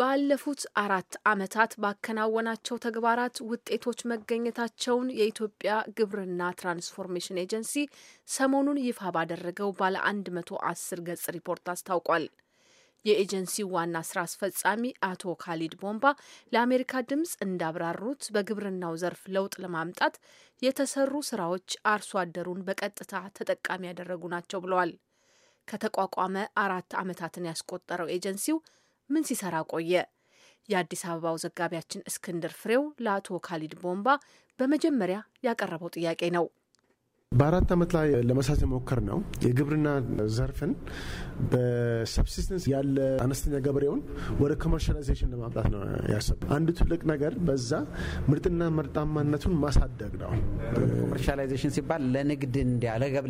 ባለፉት አራት ዓመታት ባከናወናቸው ተግባራት ውጤቶች መገኘታቸውን የኢትዮጵያ ግብርና ትራንስፎርሜሽን ኤጀንሲ ሰሞኑን ይፋ ባደረገው ባለ 110 ገጽ ሪፖርት አስታውቋል። የኤጀንሲው ዋና ስራ አስፈጻሚ አቶ ካሊድ ቦምባ ለአሜሪካ ድምፅ እንዳብራሩት በግብርናው ዘርፍ ለውጥ ለማምጣት የተሰሩ ስራዎች አርሶ አደሩን በቀጥታ ተጠቃሚ ያደረጉ ናቸው ብለዋል። ከተቋቋመ አራት ዓመታትን ያስቆጠረው ኤጀንሲው ምን ሲሰራ ቆየ? የአዲስ አበባው ዘጋቢያችን እስክንድር ፍሬው ለአቶ ካሊድ ቦምባ በመጀመሪያ ያቀረበው ጥያቄ ነው። በአራት ዓመት ላይ ለመሳት የሞከር ነው የግብርና ዘርፍን በሰብሲስተንስ ያለ አነስተኛ ገበሬውን ወደ ኮመርሻላይዜሽን ለማምጣት ነው ያሰብ አንዱ ትልቅ ነገር በዛ ምርጥና ምርጣማነቱን ማሳደግ ነው። ኮመርሻላይዜሽን ሲባል ለንግድ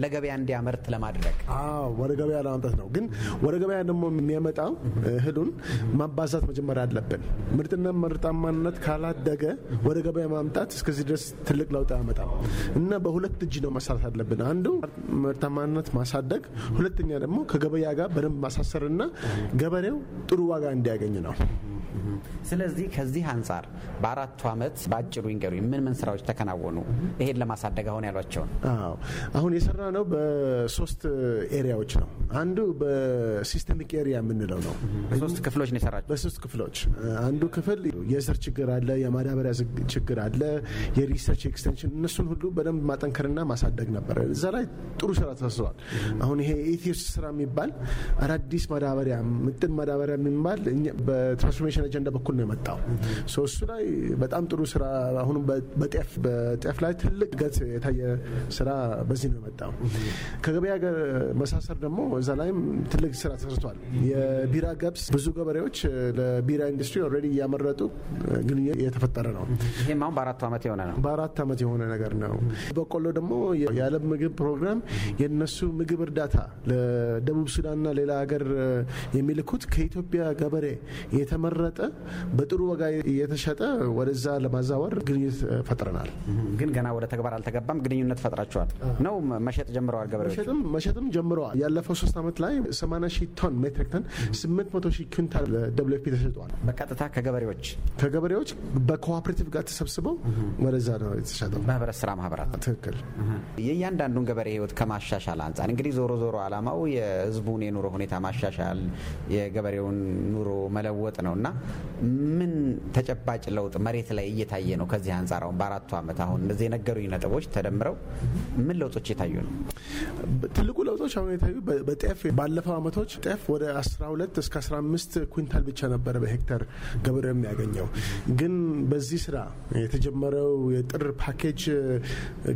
ለገበያ እንዲያመርት ለማድረግ ወደ ገበያ ለማምጣት ነው። ግን ወደ ገበያ ደግሞ የሚያመጣው እህሉን ማባዛት መጀመሪያ አለብን። ምርጥና ምርጣማነት ካላደገ ወደ ገበያ ማምጣት እስከዚህ ድረስ ትልቅ ለውጥ አያመጣም እና በሁለት እጅ ነው መሳ መስራት አለብን። አንዱ ምርታማነት ማሳደግ፣ ሁለተኛ ደግሞ ከገበያ ጋር በደንብ ማሳሰርና ገበሬው ጥሩ ዋጋ እንዲያገኝ ነው። ስለዚህ ከዚህ አንጻር በአራቱ ዓመት በአጭሩ ይንገሩኝ፣ ምን ምን ስራዎች ተከናወኑ? ይሄን ለማሳደግ አሁን ያሏቸውን። አሁን የሰራ ነው በሶስት ኤሪያዎች ነው። አንዱ በሲስተሚክ ኤሪያ የምንለው ነው። በሶስት ክፍሎች ነው የሰራቸው። በሶስት ክፍሎች አንዱ ክፍል የዘር ችግር አለ፣ የማዳበሪያ ችግር አለ፣ የሪሰርች ኤክስቴንሽን እነሱን ሁሉ በደንብ ማጠንከርና ማሳደግ ማሳደግ ነበረ። እዛ ላይ ጥሩ ስራ ተሰርተዋል። አሁን ይሄ ኢትዮስ ስራ የሚባል አዳዲስ ማዳበሪያ ምጥን ማዳበሪያ የሚባል በትራንስፎርሜሽን አጀንዳ በኩል ነው የመጣው። እሱ ላይ በጣም ጥሩ ስራ አሁን በጤፍ በጤፍ ላይ ትልቅ ገጽ የታየ ስራ በዚህ ነው የመጣው። ከገበያ ጋር መሳሰር ደግሞ እዛ ላይም ትልቅ ስራ ተሰርቷል። የቢራ ገብስ ብዙ ገበሬዎች ለቢራ ኢንዱስትሪ ኦልሬዲ እያመረጡ ግንኙነት እየተፈጠረ ነው። ይህም አሁን በአራት ዓመት የሆነ ነው። በአራት ዓመት የሆነ ነገር ነው። በቆሎ ደግሞ የዓለም ምግብ ፕሮግራም የነሱ ምግብ እርዳታ ለደቡብ ሱዳንና ሌላ ሀገር የሚልኩት ከኢትዮጵያ ገበሬ የተመረጠ በጥሩ ዋጋ የተሸጠ ወደዛ ለማዛወር ግንኙነት ፈጥረናል። ግን ገና ወደ ተግባር አልተገባም። ግንኙነት ፈጥራችኋል ነው? መሸጥ ጀምረዋል ገበሬዎች? መሸጥም ጀምረዋል። ያለፈው ሶስት ዓመት ላይ 80 ሺህ ቶን ሜትሪክ ቶን 800 ሺህ ኩንታል ለደብሊው ተሸጠዋል። በቀጥታ ከገበሬዎች ከገበሬዎች በኮኦፕሬቲቭ ጋር ተሰብስበው ወደዛ ነው የተሸጠው። በህብረት ስራ ማህበራት ትክክል የእያንዳንዱን ገበሬ ህይወት ከማሻሻል አንጻር እንግዲህ ዞሮ ዞሮ አላማው የህዝቡን የኑሮ ሁኔታ ማሻሻል፣ የገበሬውን ኑሮ መለወጥ ነው እና ምን ተጨባጭ ለውጥ መሬት ላይ እየታየ ነው? ከዚህ አንጻር አሁን በአራቱ ዓመት አሁን እነዚህ የነገሩኝ ነጥቦች ተደምረው ምን ለውጦች የታዩ ነው? ትልቁ ለውጦች አሁን የታዩ በጤፍ ባለፈው ዓመቶች ጤፍ ወደ 12 እስከ 15 ኩንታል ብቻ ነበረ በሄክተር ገበሬው የሚያገኘው። ግን በዚህ ስራ የተጀመረው የጥር ፓኬጅ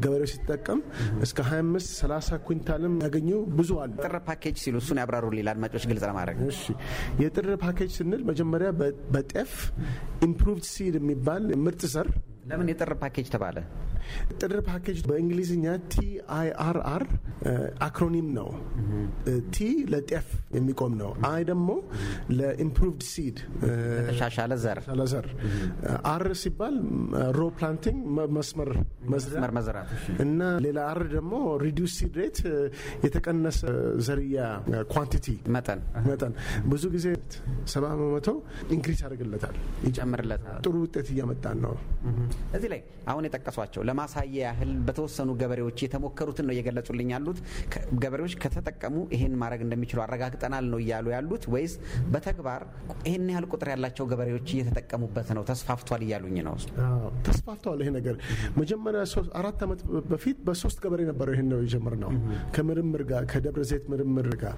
ገበሬው ሲጠቀም እስከ 25 30 ኩንታልም ያገኙ ብዙ አሉ። ጥር ፓኬጅ ሲሉ እሱን ያብራሩልኝ ለአድማጮች ግልጽ ለማድረግ። እሺ የጥር ፓኬጅ ስንል መጀመሪያ በጤፍ ኢምፕሩቭድ ሲድ የሚባል ምርጥ ዘር ለምን የጥር ፓኬጅ ተባለ? ጥር ፓኬጅ በእንግሊዝኛ ቲ አይ አር አር አክሮኒም ነው። ቲ ለጤፍ የሚቆም ነው። አይ ደግሞ ለኢምፕሩቭድ ሲድ ለተሻሻለ ዘር፣ አር ሲባል ሮ ፕላንቲንግ መስመር መዝራት እና ሌላ አር ደግሞ ሪዲስ ሲድ ሬት የተቀነሰ ዘርያ ኳንቲቲ መጠን መጠን ብዙ ጊዜ ሰባ በመቶ ኢንክሪስ ያደርግለታል፣ ይጨምርለታል። ጥሩ ውጤት እያመጣን ነው። እዚህ ላይ አሁን የጠቀሷቸው ለማሳያ ያህል በተወሰኑ ገበሬዎች የተሞከሩትን ነው እየገለጹልኝ ያሉት። ገበሬዎች ከተጠቀሙ ይህን ማድረግ እንደሚችሉ አረጋግጠናል ነው እያሉ ያሉት ወይስ በተግባር ይህን ያህል ቁጥር ያላቸው ገበሬዎች እየተጠቀሙበት ነው ተስፋፍቷል እያሉኝ ነው? ተስፋፍቷል። ይሄ ነገር መጀመሪያ አራት ዓመት በፊት በሶስት ገበሬ ነበረው ይህን ነው የጀመርነው ከምርምር ጋር ከደብረ ዘይት ምርምር ጋር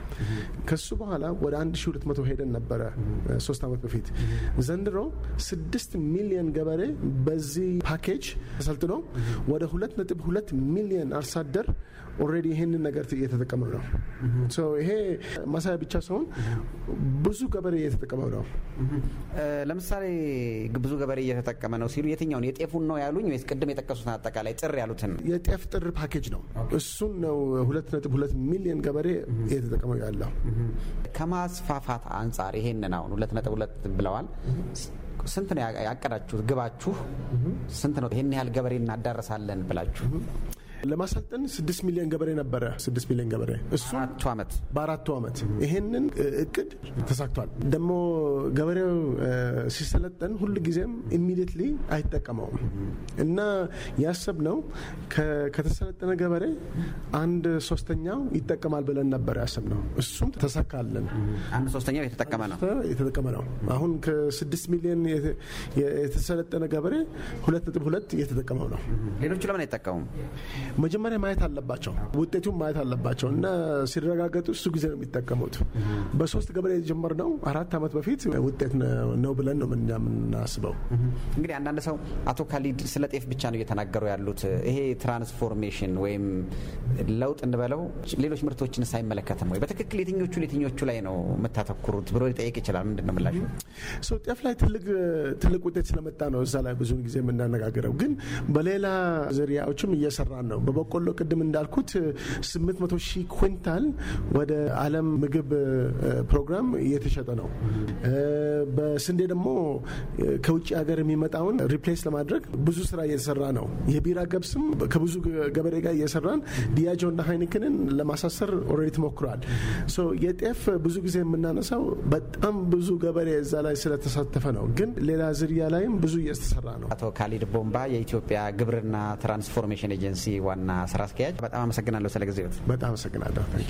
ከሱ በኋላ ወደ 1200 ሄደን ነበረ ሶስት ዓመት በፊት ዘንድሮ ስድስት ሚሊዮን ገበሬ በዚህ በዚህ ፓኬጅ ተሰልጥኖ ወደ ሁለት ነጥብ ሁለት ሚሊዮን አርሶ አደር ኦልሬዲ ይሄንን ነገር እየተጠቀመ ነው። ይሄ ማሳያ ብቻ ሳይሆን ብዙ ገበሬ እየተጠቀመ ነው። ለምሳሌ ብዙ ገበሬ እየተጠቀመ ነው ሲሉ የትኛውን የጤፉን ነው ያሉኝ ወይስ ቅድም የጠቀሱትን አጠቃላይ ጥር ያሉትን? የጤፍ ጥር ፓኬጅ ነው። እሱን ነው ሁለት ነጥብ ሁለት ሚሊዮን ገበሬ እየተጠቀመው ያለው። ከማስፋፋት አንጻር ይሄንን አሁን ሁለት ነጥብ ሁለት ብለዋል ስንት ነው ያቀዳችሁት? ግባችሁ ስንት ነው? ይህን ያህል ገበሬ እናዳረሳለን ብላችሁ ለማሰልጠን ስድስት ሚሊዮን ገበሬ ነበረ። ስድስት ሚሊዮን ገበሬ እሱ ዓመት በአራቱ ዓመት ይሄንን እቅድ ተሳክቷል። ደግሞ ገበሬው ሲሰለጠን ሁል ጊዜም ኢሚዲየትሊ አይጠቀመውም እና ያሰብ ነው ከተሰለጠነ ገበሬ አንድ ሶስተኛው ይጠቀማል ብለን ነበር ያሰብ ነው። እሱም ተሳካለን። አንድ ሶስተኛው የተጠቀመ ነው የተጠቀመ ነው። አሁን ከስድስት ሚሊዮን የተሰለጠነ ገበሬ ሁለት ነጥብ ሁለት እየተጠቀመው ነው። ሌሎቹ ለምን አይጠቀሙም? መጀመሪያ ማየት አለባቸው፣ ውጤቱን ማየት አለባቸው እና ሲረጋገጡ እሱ ጊዜ ነው የሚጠቀሙት። በሶስት ገበሬ የጀመርነው አራት ዓመት በፊት ውጤት ነው ብለን ነው የምናስበው። እንግዲህ አንዳንድ ሰው አቶ ካሊድ ስለ ጤፍ ብቻ ነው እየተናገሩ ያሉት ይሄ ትራንስፎርሜሽን ወይም ለውጥ እንበለው ሌሎች ምርቶችን ሳይመለከትም ወይ በትክክል የትኞቹ የትኞቹ ላይ ነው የምታተኩሩት ብሎ ሊጠይቅ ይችላል። ምንድን ነው ምላሽ? ጤፍ ላይ ትልቅ ውጤት ስለመጣ ነው እዛ ላይ ብዙውን ጊዜ የምናነጋግረው፣ ግን በሌላ ዝርያዎችም እየሰራን ነው። በበቆሎ ቅድም እንዳልኩት 800 ሺህ ኩንታል ወደ ዓለም ምግብ ፕሮግራም እየተሸጠ ነው። በስንዴ ደግሞ ከውጭ ሀገር የሚመጣውን ሪፕሌስ ለማድረግ ብዙ ስራ እየተሰራ ነው። የቢራ ገብስም ከብዙ ገበሬ ጋር እየሰራን ዲያጆ እና ሀይንክንን ለማሳሰር ኦልሬዲ ተሞክሯል። የጤፍ ብዙ ጊዜ የምናነሳው በጣም ብዙ ገበሬ እዛ ላይ ስለተሳተፈ ነው። ግን ሌላ ዝርያ ላይም ብዙ እየተሰራ ነው። አቶ ካሊድ ቦምባ የኢትዮጵያ ግብርና ትራንስፎርሜሽን ኤጀንሲ ዋና ስራ አስኪያጅ፣ በጣም አመሰግናለሁ ስለ ጊዜ። በጣም አመሰግናለሁ።